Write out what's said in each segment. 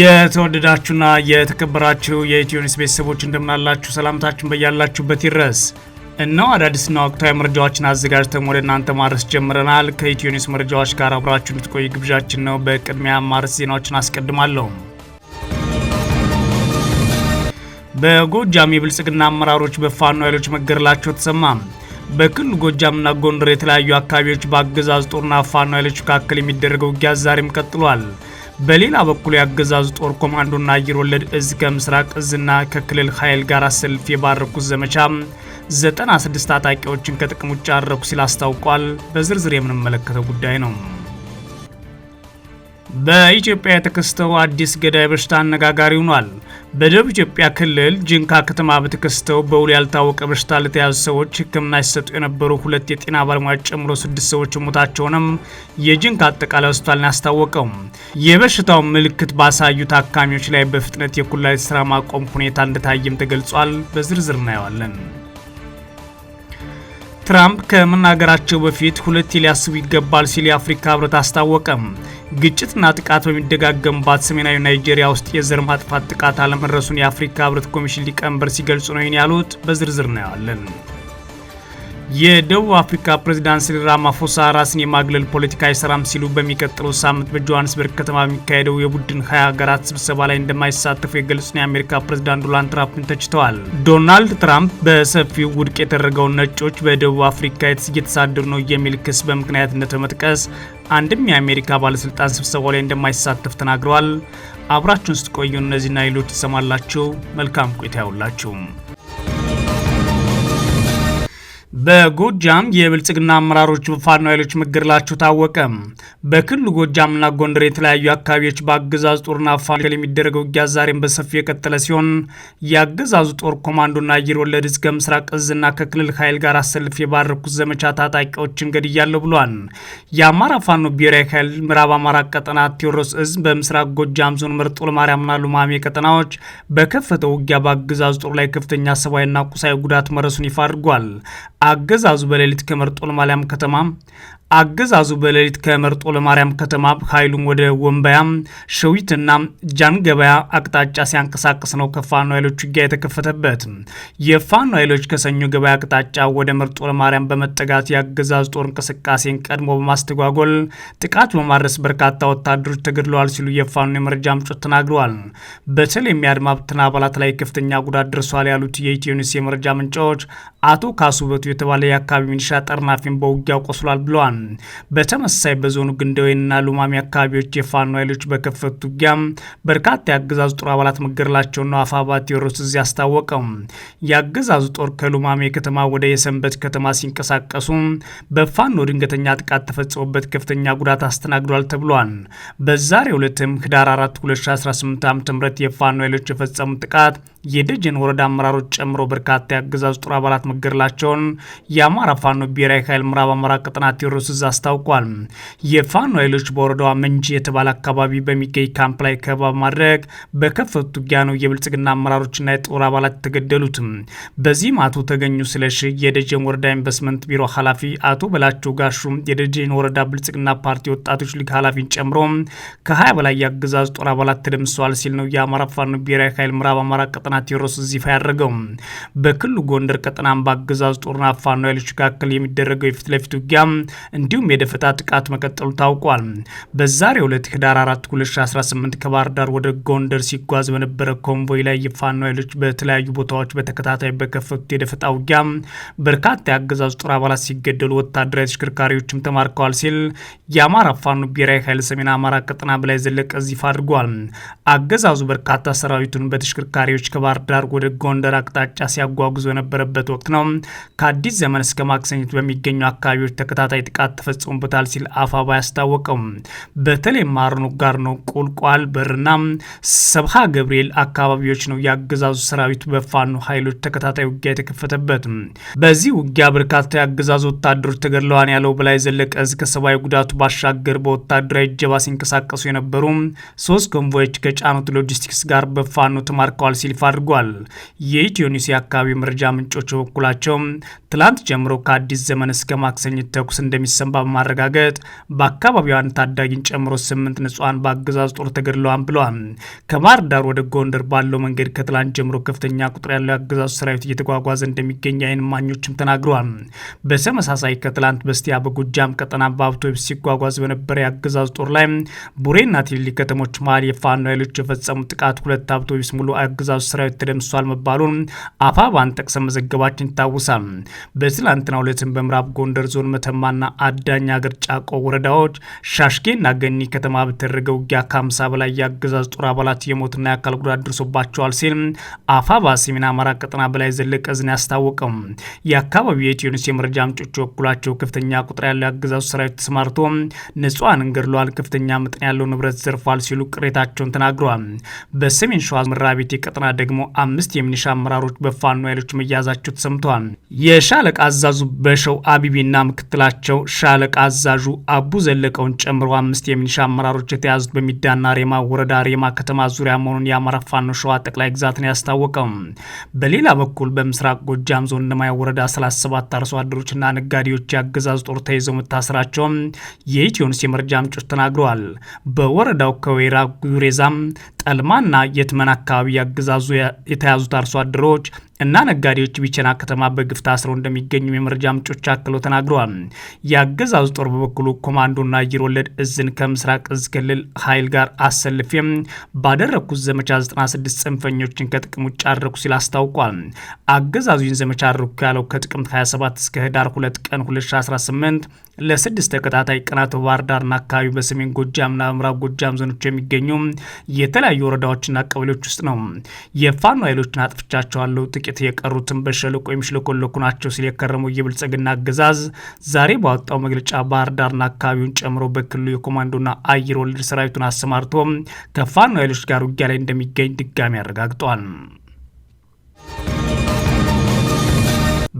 የተወደዳችሁና የተከበራችሁ የኢትዮኒስ ቤተሰቦች እንደምናላችሁ ሰላምታችን በያላችሁበት ይድረስ። እነሆ አዳዲስና ወቅታዊ መረጃዎችን አዘጋጅተን ወደ እናንተ ማድረስ ጀምረናል። ከኢትዮኒስ መረጃዎች ጋር አብራችሁ እንድትቆይ ግብዣችን ነው። በቅድሚያ ማርስ ዜናዎችን አስቀድማለሁ። በጎጃም የብልጽግና አመራሮች በፋኖ ኃይሎች መገደላቸው ተሰማ። በክልሉ ጎጃምና ጎንደር የተለያዩ አካባቢዎች በአገዛዝ ጦርና ፋኖ ኃይሎች መካከል የሚደረገው ውጊያ ዛሬም ቀጥሏል። በሌላ በኩል የአገዛዙ ጦር ኮማንዶና አየር ወለድ እዝ ከምስራቅ እዝና ከክልል ኃይል ጋር ሰልፍ የባረኩት ዘመቻ 96 ታጣቂዎችን ከጥቅም ውጭ አደረኩ ሲል አስታውቋል። በዝርዝር የምንመለከተው ጉዳይ ነው። በኢትዮጵያ የተከሰተው አዲስ ገዳይ በሽታ አነጋጋሪ ሆኗል። በደቡብ ኢትዮጵያ ክልል ጅንካ ከተማ በተከስተው በውል ያልታወቀ በሽታ ለተያዙ ሰዎች ሕክምና ይሰጡ የነበሩ ሁለት የጤና ባለሙያዎች ጨምሮ ስድስት ሰዎች ሞታቸውንም የጅንካ አጠቃላይ ሆስፒታልን ያስታወቀው የበሽታው ምልክት ባሳዩ ታካሚዎች ላይ በፍጥነት የኩላሊት ስራ ማቆም ሁኔታ እንደታየም ተገልጿል። በዝርዝር እናየዋለን። ትራምፕ ከመናገራቸው በፊት ሁለቴ ሊያስቡ ይገባል ሲል የአፍሪካ ህብረት አስታወቀም። ግጭትና ጥቃት በሚደጋገምባት ሰሜናዊ ናይጄሪያ ውስጥ የዘር ማጥፋት ጥቃት አለመድረሱን የአፍሪካ ህብረት ኮሚሽን ሊቀመንበር ሲገልጹ ነው ይህን ያሉት። በዝርዝር እናየዋለን። የደቡብ አፍሪካ ፕሬዝዳንት ሲሪል ራማፎሳ ራስን የማግለል ፖለቲካ አይሰራም ሲሉ በሚቀጥለው ሳምንት በጆሃንስበርግ ከተማ በሚካሄደው የቡድን ሀያ ሀገራት ስብሰባ ላይ እንደማይሳተፉ የገለጹት የአሜሪካ ፕሬዝዳንት ዶናልድ ትራምፕን ተችተዋል። ዶናልድ ትራምፕ በሰፊው ውድቅ የተደረገው ነጮች በደቡብ አፍሪካ እየተሳደሩ ነው የሚል ክስ በምክንያትነት በመጥቀስ አንድም የአሜሪካ ባለስልጣን ስብሰባው ላይ እንደማይሳተፍ ተናግረዋል። አብራችሁን ስትቆዩ እነዚህና ሌሎች ይሰማላችሁ። መልካም ቆይታ ያውላችሁም። በጎጃም የብልጽግና አመራሮች በፋኖ ኃይሎች መገደላቸው ታወቀ። በክልሉ ጎጃምና ጎንደር የተለያዩ አካባቢዎች በአገዛዙ ጦርና ፋኖ የሚደረገው ውጊያ ዛሬም በሰፊው የቀጠለ ሲሆን የአገዛዙ ጦር ኮማንዶና አየር ወለድ እዝ ምስራቅ እዝና ከክልል ኃይል ጋር አሰልፍ የባረኩት ዘመቻ ታጣቂዎችን ገድያለሁ ብሏል። የአማራ ፋኖ ብሔራዊ ኃይል ምዕራብ አማራ ቀጠና ቴዎድሮስ እዝ በምስራቅ ጎጃም ዞን መርጦ ለማርያምና ሉማሜ ቀጠናዎች በከፈተው ውጊያ በአገዛዙ ጦር ላይ ከፍተኛ ሰብአዊና ቁሳዊ ጉዳት መረሱን ይፋ አድርጓል። አገዛዙ በሌሊት ከመርጦል ማሊያም ከተማ አገዛዙ በሌሊት ከመርጦ ለማርያም ከተማ ኃይሉን ወደ ወንባያም ሸዊትና ጃን ገበያ አቅጣጫ ሲያንቀሳቅስ ነው ከፋኖ ኃይሎች ውጊያ የተከፈተበት። የፋኖ ኃይሎች ከሰኞ ገበያ አቅጣጫ ወደ መርጦ ለማርያም በመጠጋት የአገዛዙ ጦር እንቅስቃሴን ቀድሞ በማስተጓጎል ጥቃት በማድረስ በርካታ ወታደሮች ተገድለዋል ሲሉ የፋኖ የመረጃ ምንጮች ተናግረዋል። በተለይም የአድማ አባላት ላይ ከፍተኛ ጉዳት ደርሷል ያሉት የኢትዮኒስ የመረጃ ምንጮች አቶ ካሱበቱ የተባለ የአካባቢ ሚኒሻ ጠርናፊን በውጊያው ቆስሏል ብለዋል። በተመሳሳይ በዞኑ ግንደወይና ሉማሚ አካባቢዎች የፋኖ ኃይሎች በከፈቱ ውጊያ በርካታ የአገዛዙ ጦር አባላት መገደላቸውን ነው አፋባ ቴዎድሮስ እዚህ አስታወቀው። የአገዛዙ ጦር ከሉማሜ ከተማ ወደ የሰንበት ከተማ ሲንቀሳቀሱ በፋኖ ድንገተኛ ጥቃት ተፈጸሙበት ከፍተኛ ጉዳት አስተናግዷል ተብሏል። በዛሬው ዕለትም ህዳር 4 2018 ዓ ም የፋኖ ኃይሎች የፈጸሙ ጥቃት የደጀን ወረዳ አመራሮች ጨምሮ በርካታ የአገዛዙ ጦር አባላት መገደላቸውን የአማራ ፋኖ ብሔራዊ ኃይል ምዕራብ አማራ ቅጥና ቴዎድሮስ እዝ አስታውቋል። የፋኖ ኃይሎች በወረዳዋ መንጂ የተባለ አካባቢ በሚገኝ ካምፕ ላይ ከበባ ማድረግ በከፈቱት ውጊያ ነው የብልጽግና አመራሮችና የጦር አባላት የተገደሉትም። በዚህም አቶ ተገኙ ስለሺ የደጀን ወረዳ ኢንቨስትመንት ቢሮ ኃላፊ፣ አቶ በላቸው ጋሹ የደጀን ወረዳ ብልጽግና ፓርቲ ወጣቶች ሊግ ኃላፊን ጨምሮ ከሀያ በላይ የአገዛዙ ጦር አባላት ተደምሰዋል ሲል ነው የአማራ ፋኖ ብሔራዊ ኃይል ምዕራብ አማራ ቅጥና ጥናት ቴዎድሮስ እዚህ ይፋ ያደረገው በክልሉ ጎንደር ቀጠና በአገዛዙ ጦርና ፋኖ ኃይሎች መካከል የሚደረገው የፊት ለፊት ውጊያ እንዲሁም የደፈጣ ጥቃት መቀጠሉ ታውቋል። በዛሬው ዕለት ህዳር 4 2018 ከባህር ዳር ወደ ጎንደር ሲጓዝ በነበረ ኮንቮይ ላይ የፋኖ ኃይሎች በተለያዩ ቦታዎች በተከታታይ በከፈቱት የደፈጣ ውጊያ በርካታ የአገዛዙ ጦር አባላት ሲገደሉ፣ ወታደራዊ ተሽከርካሪዎችም ተማርከዋል ሲል የአማራ ፋኖ ብሔራዊ ኃይል ሰሜን አማራ ቀጠና በላይ ዘለቀ ይፋ አድርጓል። አገዛዙ በርካታ ሰራዊቱን በተሽከርካሪዎች ከባህር ዳር ወደ ጎንደር አቅጣጫ ሲያጓጉዞ የነበረበት ወቅት ነው። ከአዲስ ዘመን እስከ ማክሰኝት በሚገኙ አካባቢዎች ተከታታይ ጥቃት ተፈጽሞበታል ሲል አፋባ ያስታወቀው በተለይ ማርኖ ጋር ነው ቁልቋል በርና ሰብሃ ገብርኤል አካባቢዎች ነው የአገዛዙ ሰራዊት በፋኑ ኃይሎች ተከታታይ ውጊያ የተከፈተበት። በዚህ ውጊያ በርካታ የአገዛዙ ወታደሮች ተገድለዋን ያለው በላይ ዘለቀ እዝ ከሰብአዊ ጉዳቱ ባሻገር በወታደራዊ እጀባ ሲንቀሳቀሱ የነበሩ ሶስት ኮንቮዮች ከጫኑት ሎጂስቲክስ ጋር በፋኑ ተማርከዋል ሲል ይፋ አድርጓል። የኢትዮ ኒውስ የአካባቢው መረጃ ምንጮች በበኩላቸው ትላንት ጀምሮ ከአዲስ ዘመን እስከ ማክሰኝት ተኩስ እንደሚሰማ በማረጋገጥ በአካባቢው አንድ ታዳጊን ጨምሮ ስምንት ንጹሐን በአገዛዝ ጦር ተገድለዋል ብለዋል። ከባህር ዳር ወደ ጎንደር ባለው መንገድ ከትላንት ጀምሮ ከፍተኛ ቁጥር ያለው የአገዛዙ ሰራዊት እየተጓጓዘ እንደሚገኝ አይን ማኞችም ተናግረዋል። በተመሳሳይ ከትላንት በስቲያ በጎጃም ቀጠና በአውቶቡስ ሲጓጓዝ በነበረ የአገዛዝ ጦር ላይ ቡሬና ቲሊሊ ከተሞች መሀል የፋኖ ኃይሎች የፈጸሙ ጥቃት ሁለት አውቶቡስ ሙሉ አገዛዙ ሰራዊት ተደምሷል መባሉን አፋባን ጠቅሰን መዘገባችን ይታወሳል። በትላንትናው ዕለትም በምዕራብ ጎንደር ዞን መተማና አዳኝ አገር ጫቆ ወረዳዎች ሻሽጌና ገኒ ከተማ በተደረገ ውጊያ ከአምሳ በላይ የአገዛዝ ጦር አባላት የሞትና የአካል ጉዳት ደርሶባቸዋል ሲል አፋባ ሰሜን አማራ ቀጠና በላይ ዘለቀ ዝና ያስታወቀም። የአካባቢው የኢትዮኒውስ የመረጃ ምንጮች በኩላቸው ከፍተኛ ቁጥር ያለው የአገዛዙ ሰራዊት ተሰማርቶ ንጹሐንን ገድሏል፣ ከፍተኛ መጠን ያለው ንብረት ዘርፏል ሲሉ ቅሬታቸውን ተናግረዋል። በሰሜን ሸዋ ምራቤቴ የቀጠና ደግሞ ደግሞ አምስት የሚኒሻ አመራሮች በፋኖ ኃይሎች መያዛቸው ተሰምተዋል። የሻለቃ አዛዙ በሸው አቢቢና ምክትላቸው ሻለቃ አዛዡ አቡ ዘለቀውን ጨምሮ አምስት የሚኒሻ አመራሮች የተያዙት በሚዳና ሬማ ወረዳ ሬማ ከተማ ዙሪያ መሆኑን የአማራ ፋኖ ሸዋ ጠቅላይ ግዛትን ነው ያስታወቀው። በሌላ በኩል በምስራቅ ጎጃም ዞን ነማያ ወረዳ 37 አርሶ አደሮችና ነጋዴዎች የአገዛዙ ጦር ተይዘው መታሰራቸው የኢትዮንስ የመረጃ ምንጮች ተናግረዋል። በወረዳው ከወይራ ጉሬዛም ጠልማና የትመን አካባቢ ያገዛዙ የተያዙት አርሶ አደሮች እና ነጋዴዎች ቢቸና ከተማ በግፍ ታስረው እንደሚገኙ የመረጃ ምንጮች አክለው ተናግረዋል። የአገዛዙ ጦር በበኩሉ ኮማንዶና አየር ወለድ እዝን ከምስራቅ እዝ ክልል ኃይል ጋር አሰልፌም ባደረግኩት ዘመቻ 96 ጽንፈኞችን ከጥቅም ውጭ አድረኩ ሲል አስታውቋል። አገዛዙን ዘመቻ አድረኩ ያለው ከጥቅምት 27 እስከ ህዳር 2 ቀን 2018 ለስድስት ተከታታይ ቀናት በባህር ዳርና አካባቢ በሰሜን ጎጃምና በምዕራብ ጎጃም ዞኖች የሚገኙ የተለያዩ ወረዳዎችና ቀበሌዎች ውስጥ ነው። የፋኖ ኃይሎችን አጥፍቻቸዋለሁ ጥቂት በጥቂት የቀሩትን በሸለቆ የሚሽለኮለኩ ናቸው ሲል የከረመው የብልጽግና አገዛዝ ዛሬ ባወጣው መግለጫ ባህር ዳርና አካባቢውን ጨምሮ በክልሉ የኮማንዶና አየር ወለድ ሰራዊቱን አሰማርቶ ከፋኖ ኃይሎች ጋር ውጊያ ላይ እንደሚገኝ ድጋሚ አረጋግጧል።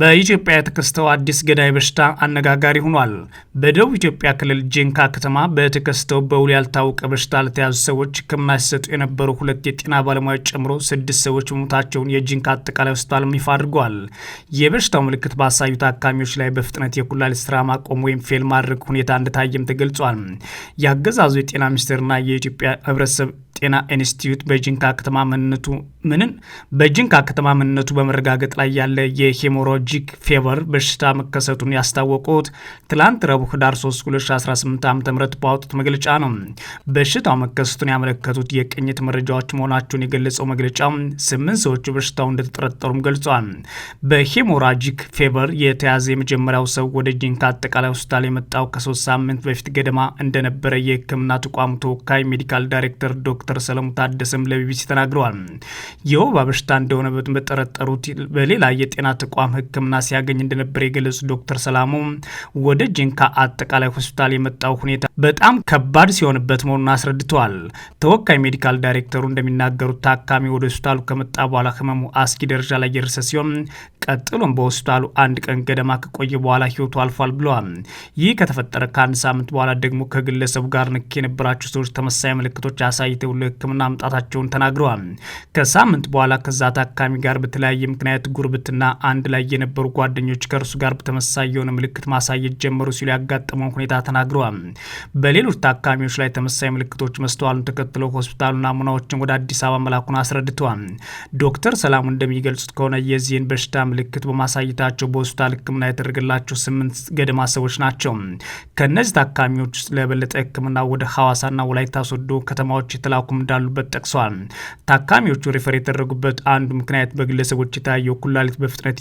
በኢትዮጵያ የተከሰተው አዲስ ገዳይ በሽታ አነጋጋሪ ሆኗል። በደቡብ ኢትዮጵያ ክልል ጂንካ ከተማ በተከሰተው በውል ያልታወቀ በሽታ ለተያዙ ሰዎች ሕክምና ሲሰጡ የነበሩ ሁለት የጤና ባለሙያዎች ጨምሮ ስድስት ሰዎች መሞታቸውን የጂንካ አጠቃላይ ሆስፒታል ይፋ አድርጓል። የበሽታው ምልክት ባሳዩ ታካሚዎች ላይ በፍጥነት የኩላሊት ስራ ማቆም ወይም ፌል ማድረግ ሁኔታ እንደታየም ተገልጿል። የአገዛዙ የጤና ሚኒስቴርና የኢትዮጵያ ህብረተሰብ ጤና ኢንስቲትዩት በጂንካ ከተማ ምንነቱ ምንን በጂንካ ከተማ ምንነቱ በመረጋገጥ ላይ ያለ የሄሞሮ ሎጂክ ፌቨር በሽታ መከሰቱን ያስታወቁት ትላንት ረቡዕ ህዳር 3 2018 ዓ ም ባወጡት መግለጫ ነው። በሽታው መከሰቱን ያመለከቱት የቅኝት መረጃዎች መሆናቸውን የገለጸው መግለጫ ስምንት ሰዎች በሽታው እንደተጠረጠሩም ገልጿል። በሄሞራጂክ ፌቨር የተያዘ የመጀመሪያው ሰው ወደ ጂንካ አጠቃላይ ሆስፒታል የመጣው ከሶስት ሳምንት በፊት ገደማ እንደነበረ የህክምና ተቋሙ ተወካይ ሜዲካል ዳይሬክተር ዶክተር ሰለሙ ታደሰም ለቢቢሲ ተናግረዋል። የወባ በሽታ እንደሆነ በጠረጠሩት በሌላ የጤና ተቋም ሕክምና ሲያገኝ እንደነበር የገለጹ ዶክተር ሰላሙ ወደ ጂንካ አጠቃላይ ሆስፒታል የመጣው ሁኔታ በጣም ከባድ ሲሆንበት መሆኑን አስረድተዋል። ተወካይ ሜዲካል ዳይሬክተሩ እንደሚናገሩት ታካሚ ወደ ሆስፒታሉ ከመጣ በኋላ ህመሙ አስጊ ደረጃ ላይ የደረሰ ሲሆን ቀጥሎም በሆስፒታሉ አንድ ቀን ገደማ ከቆየ በኋላ ህይወቱ አልፏል ብለዋል። ይህ ከተፈጠረ ከአንድ ሳምንት በኋላ ደግሞ ከግለሰቡ ጋር ንክ የነበራቸው ሰዎች ተመሳሳይ ምልክቶች አሳይተው ለህክምና መምጣታቸውን ተናግረዋል። ከሳምንት በኋላ ከዛ ታካሚ ጋር በተለያየ ምክንያት ጉርብትና አንድ ላይ የነበሩ ጓደኞች ከእርሱ ጋር በተመሳሳይ የሆነ ምልክት ማሳየት ጀመሩ ሲሉ ያጋጠመውን ሁኔታ ተናግረዋል። በሌሎች ታካሚዎች ላይ ተመሳሳይ ምልክቶች መስተዋሉን ተከትለው ሆስፒታሉ ናሙናዎችን ወደ አዲስ አበባ መላኩን አስረድተዋል። ዶክተር ሰላሙ እንደሚገልጹት ከሆነ የዚህን በሽታ ምልክት በማሳየታቸው በሆስፒታል ሕክምና የተደረገላቸው ስምንት ገደማ ሰዎች ናቸው። ከእነዚህ ታካሚዎች ውስጥ ለበለጠ ሕክምና ወደ ሐዋሳና ወላይታ ሶዶ ከተማዎች የተላኩም እንዳሉበት ጠቅሰዋል። ታካሚዎቹ ሪፈር የተደረጉበት አንዱ ምክንያት በግለሰቦች የታየው ኩላሊት በፍጥነት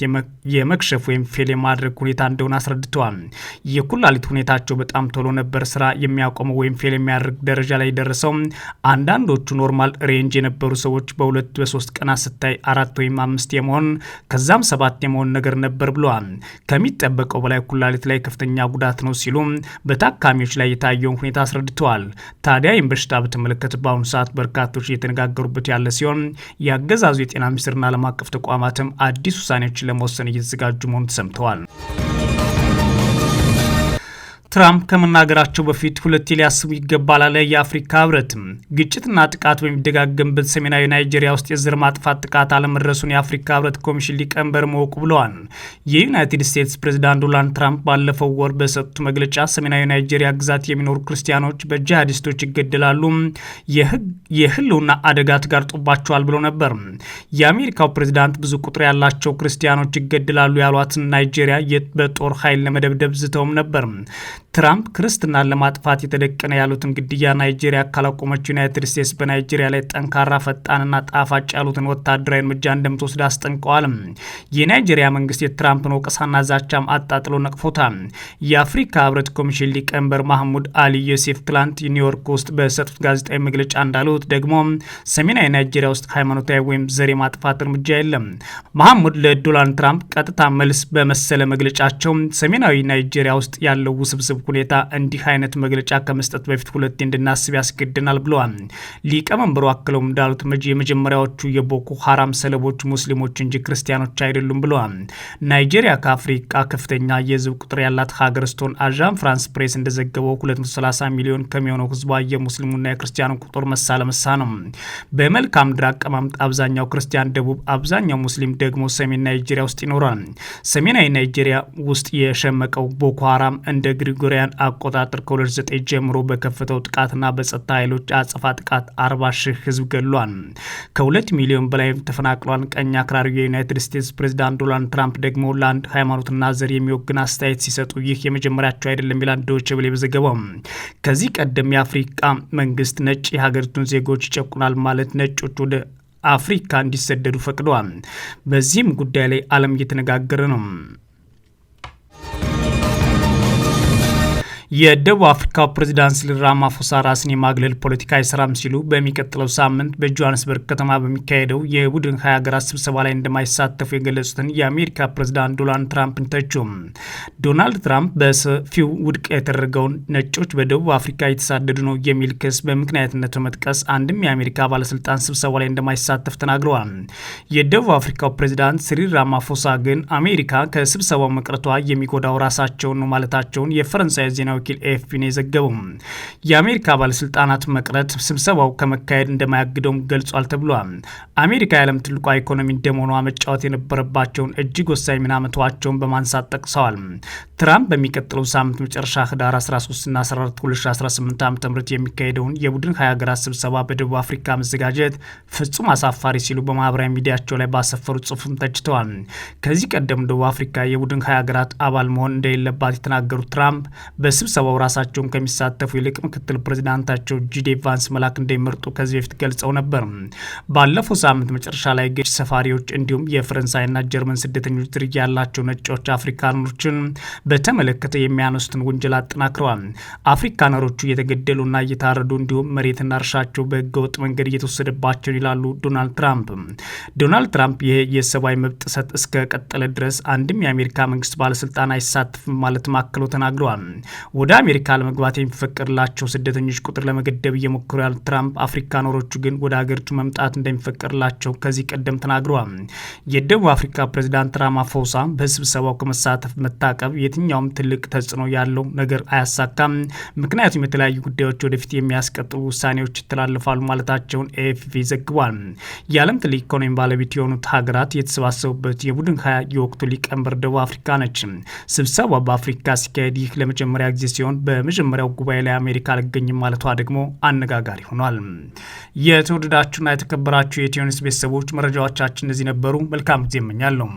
የመክሸፍ ወይም ፌል የማድረግ ሁኔታ እንደሆነ አስረድተዋል። የኩላሊት ሁኔታቸው በጣም ቶሎ ነበር ስራ የሚያቆመው ወይም ፌል የሚያደርግ ደረጃ ላይ ደረሰው። አንዳንዶቹ ኖርማል ሬንጅ የነበሩ ሰዎች በሁለት በሶስት ቀናት ስታይ አራት ወይም አምስት የመሆን ከዛም ሰባት የመሆን ነገር ነበር ብለዋል። ከሚጠበቀው በላይ ኩላሊት ላይ ከፍተኛ ጉዳት ነው ሲሉ በታካሚዎች ላይ የታየውን ሁኔታ አስረድተዋል። ታዲያ ይህም በሽታ በተመለከተ በአሁኑ ሰዓት በርካቶች እየተነጋገሩበት ያለ ሲሆን የአገዛዙ የጤና ሚኒስትርና ዓለም አቀፍ ተቋማትም አዲስ ውሳኔዎችን ለመወሰን እየተዘጋጁ መሆኑ ተሰምተዋል። ትራምፕ ከመናገራቸው በፊት ሁለቴ ሊያስቡ ይገባል አለ የአፍሪካ ህብረት። ግጭትና ጥቃት በሚደጋገምበት ሰሜናዊ ናይጄሪያ ውስጥ የዘር ማጥፋት ጥቃት አለመድረሱን የአፍሪካ ህብረት ኮሚሽን ሊቀመንበር መወቁ ብለዋል። የዩናይትድ ስቴትስ ፕሬዚዳንት ዶናልድ ትራምፕ ባለፈው ወር በሰጡት መግለጫ ሰሜናዊ ናይጄሪያ ግዛት የሚኖሩ ክርስቲያኖች በጂሃዲስቶች ይገደላሉ፣ የህልውና አደጋ ተጋርጦባቸዋል ብለው ነበር። የአሜሪካው ፕሬዚዳንት ብዙ ቁጥር ያላቸው ክርስቲያኖች ይገደላሉ ያሏትን ናይጄሪያ በጦር ኃይል ለመደብደብ ዝተውም ነበር። ትራምፕ ክርስትናን ለማጥፋት የተደቀነ ያሉትን ግድያ ናይጄሪያ ካላቆመች ዩናይትድ ስቴትስ በናይጄሪያ ላይ ጠንካራ፣ ፈጣንና ጣፋጭ ያሉትን ወታደራዊ እርምጃ እንደምትወስድ አስጠንቀዋል። የናይጄሪያ መንግስት የትራምፕን ወቀሳና ዛቻም አጣጥሎ ነቅፎታል። የአፍሪካ ህብረት ኮሚሽን ሊቀመንበር ማህሙድ አሊ ዮሴፍ ትላንት ኒውዮርክ ውስጥ በሰጡት ጋዜጣዊ መግለጫ እንዳሉት ደግሞ ሰሜናዊ ናይጄሪያ ውስጥ ሃይማኖታዊ ወይም ዘር የማጥፋት እርምጃ የለም። ማህሙድ ለዶናልድ ትራምፕ ቀጥታ መልስ በመሰለ መግለጫቸው ሰሜናዊ ናይጄሪያ ውስጥ ያለው ውስብስብ ሁኔታ እንዲህ አይነት መግለጫ ከመስጠት በፊት ሁለት እንድናስብ ያስገድናል ብለዋል። ሊቀመንበሩ አክለውም እንዳሉት የመጀመሪያዎቹ የቦኮ ሀራም ሰለቦች ሙስሊሞች እንጂ ክርስቲያኖች አይደሉም ብለዋል። ናይጄሪያ ከአፍሪቃ ከፍተኛ የህዝብ ቁጥር ያላት ሀገር ስትሆን አዣን ፍራንስ ፕሬስ እንደዘገበው 230 ሚሊዮን ከሚሆነው ህዝቧ የሙስሊሙና የክርስቲያኑ ቁጥር መሳ ለመሳ ነው። በመልካም ምድር አቀማመጥ አብዛኛው ክርስቲያን ደቡብ፣ አብዛኛው ሙስሊም ደግሞ ሰሜን ናይጄሪያ ውስጥ ይኖራል። ሰሜናዊ ናይጄሪያ ውስጥ የሸመቀው ቦኮ ሀራም እንደ ግሪጎሪ በጎርጎሪያን አቆጣጠር ከ29 ጀምሮ በከፈተው ጥቃትና በጸጥታ ኃይሎች አጸፋ ጥቃት 40 ሺህ ህዝብ ገሏል። ከ2 ሚሊዮን በላይ ተፈናቅሏል። ቀኝ አክራሪው የዩናይትድ ስቴትስ ፕሬዚዳንት ዶናልድ ትራምፕ ደግሞ ለአንድ ሃይማኖትና ዘር የሚወግን አስተያየት ሲሰጡ ይህ የመጀመሪያቸው አይደለም ይላል ዶይቼ ቬለ በዘገባው። ከዚህ ቀደም የአፍሪቃ መንግስት ነጭ የሀገሪቱን ዜጎች ይጨቁናል ማለት ነጮች ወደ አፍሪካ እንዲሰደዱ ፈቅደዋል። በዚህም ጉዳይ ላይ ዓለም እየተነጋገረ ነው። የደቡብ አፍሪካ ፕሬዚዳንት ሲሪል ራማፎሳ ራስን የማግለል ፖለቲካ አይሰራም ሲሉ በሚቀጥለው ሳምንት በጆሃንስበርግ ከተማ በሚካሄደው የቡድን ሀያ ሀገራት ስብሰባ ላይ እንደማይሳተፉ የገለጹትን የአሜሪካ ፕሬዚዳንት ዶናልድ ትራምፕን ተቹ። ዶናልድ ትራምፕ በሰፊው ውድቅ የተደረገውን ነጮች በደቡብ አፍሪካ የተሳደዱ ነው የሚል ክስ በምክንያትነት በመጥቀስ አንድም የአሜሪካ ባለስልጣን ስብሰባ ላይ እንደማይሳተፍ ተናግረዋል። የደቡብ አፍሪካው ፕሬዚዳንት ሲሪል ራማፎሳ ግን አሜሪካ ከስብሰባው መቅረቷ የሚጎዳው ራሳቸውን ነው ማለታቸውን የፈረንሳይ ዜናዊ ወኪል ኤፍፒ ነው የዘገበው። የአሜሪካ ባለስልጣናት መቅረት ስብሰባው ከመካሄድ እንደማያግደውም ገልጿል ተብሏል። አሜሪካ የዓለም ትልቋ ኢኮኖሚ እንደመሆኗ መጫወት የነበረባቸውን እጅግ ወሳኝ ሚና መተዋቸውን በማንሳት ጠቅሰዋል። ትራምፕ በሚቀጥለው ሳምንት መጨረሻ ህዳር 13ና 14 2018 ዓ ም የሚካሄደውን የቡድን ሀያ ሀገራት ስብሰባ በደቡብ አፍሪካ መዘጋጀት ፍጹም አሳፋሪ ሲሉ በማህበራዊ ሚዲያቸው ላይ ባሰፈሩ ጽሑፍም ተችተዋል። ከዚህ ቀደም ደቡብ አፍሪካ የቡድን ሀያ ሀገራት አባል መሆን እንደሌለባት የተናገሩት ትራምፕ በስብሰባው ራሳቸውን ከሚሳተፉ ይልቅ ምክትል ፕሬዚዳንታቸው ጂዲ ቫንስ መላክ እንደሚመርጡ ከዚህ በፊት ገልጸው ነበር። ባለፈው ሳምንት መጨረሻ ላይ ገጭ ሰፋሪዎች እንዲሁም የፈረንሳይና ጀርመን ስደተኞች ዝርያ ያላቸው ነጮች አፍሪካኖችን በተመለከተ የሚያነሱትን ውንጀላ አጠናክረዋል። አፍሪካነሮቹ እየተገደሉና እየታረዱ እንዲሁም መሬትና እርሻቸው በህገወጥ መንገድ እየተወሰደባቸውን ይላሉ ዶናልድ ትራምፕ። ዶናልድ ትራምፕ ይህ የሰብአዊ መብት ጥሰት እስከ ቀጠለ ድረስ አንድም የአሜሪካ መንግስት ባለስልጣን አይሳተፍም ማለት ማክለው ተናግረዋል። ወደ አሜሪካ ለመግባት የሚፈቀድላቸው ስደተኞች ቁጥር ለመገደብ እየሞከሩ ያሉት ትራምፕ አፍሪካ ኖሮቹ ግን ወደ ሀገሪቱ መምጣት እንደሚፈቀድላቸው ከዚህ ቀደም ተናግረዋል። የደቡብ አፍሪካ ፕሬዚዳንት ራማፎሳ በስብሰባው ከመሳተፍ መታቀብ የትኛውም ትልቅ ተጽዕኖ ያለው ነገር አያሳካም፣ ምክንያቱም የተለያዩ ጉዳዮች ወደፊት የሚያስቀጥሉ ውሳኔዎች ይተላለፋሉ ማለታቸውን ኤኤፍፒ ዘግቧል። የዓለም ትልቅ ኢኮኖሚ ባለቤት የሆኑት ሀገራት የተሰባሰቡበት የቡድን ሀያ የወቅቱ ሊቀመንበር ደቡብ አፍሪካ ነች። ስብሰባ በአፍሪካ ሲካሄድ ይህ ለመጀመሪያ ጊዜ ጊዜ ሲሆን በመጀመሪያው ጉባኤ ላይ አሜሪካ አልገኝም ማለቷ ደግሞ አነጋጋሪ ሆኗል። የተወደዳችሁና የተከበራችሁ የኢትዮ ኒውስ ቤተሰቦች መረጃዎቻችን እነዚህ ነበሩ። መልካም ጊዜ እመኛለሁ።